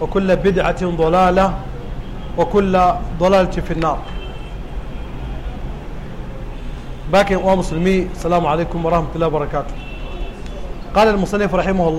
وكل بدعة ضلالة وكل ضلالة في النار باكي ومسلمي السلام عليكم ورحمة الله وبركاته قال المصنف رحمه الله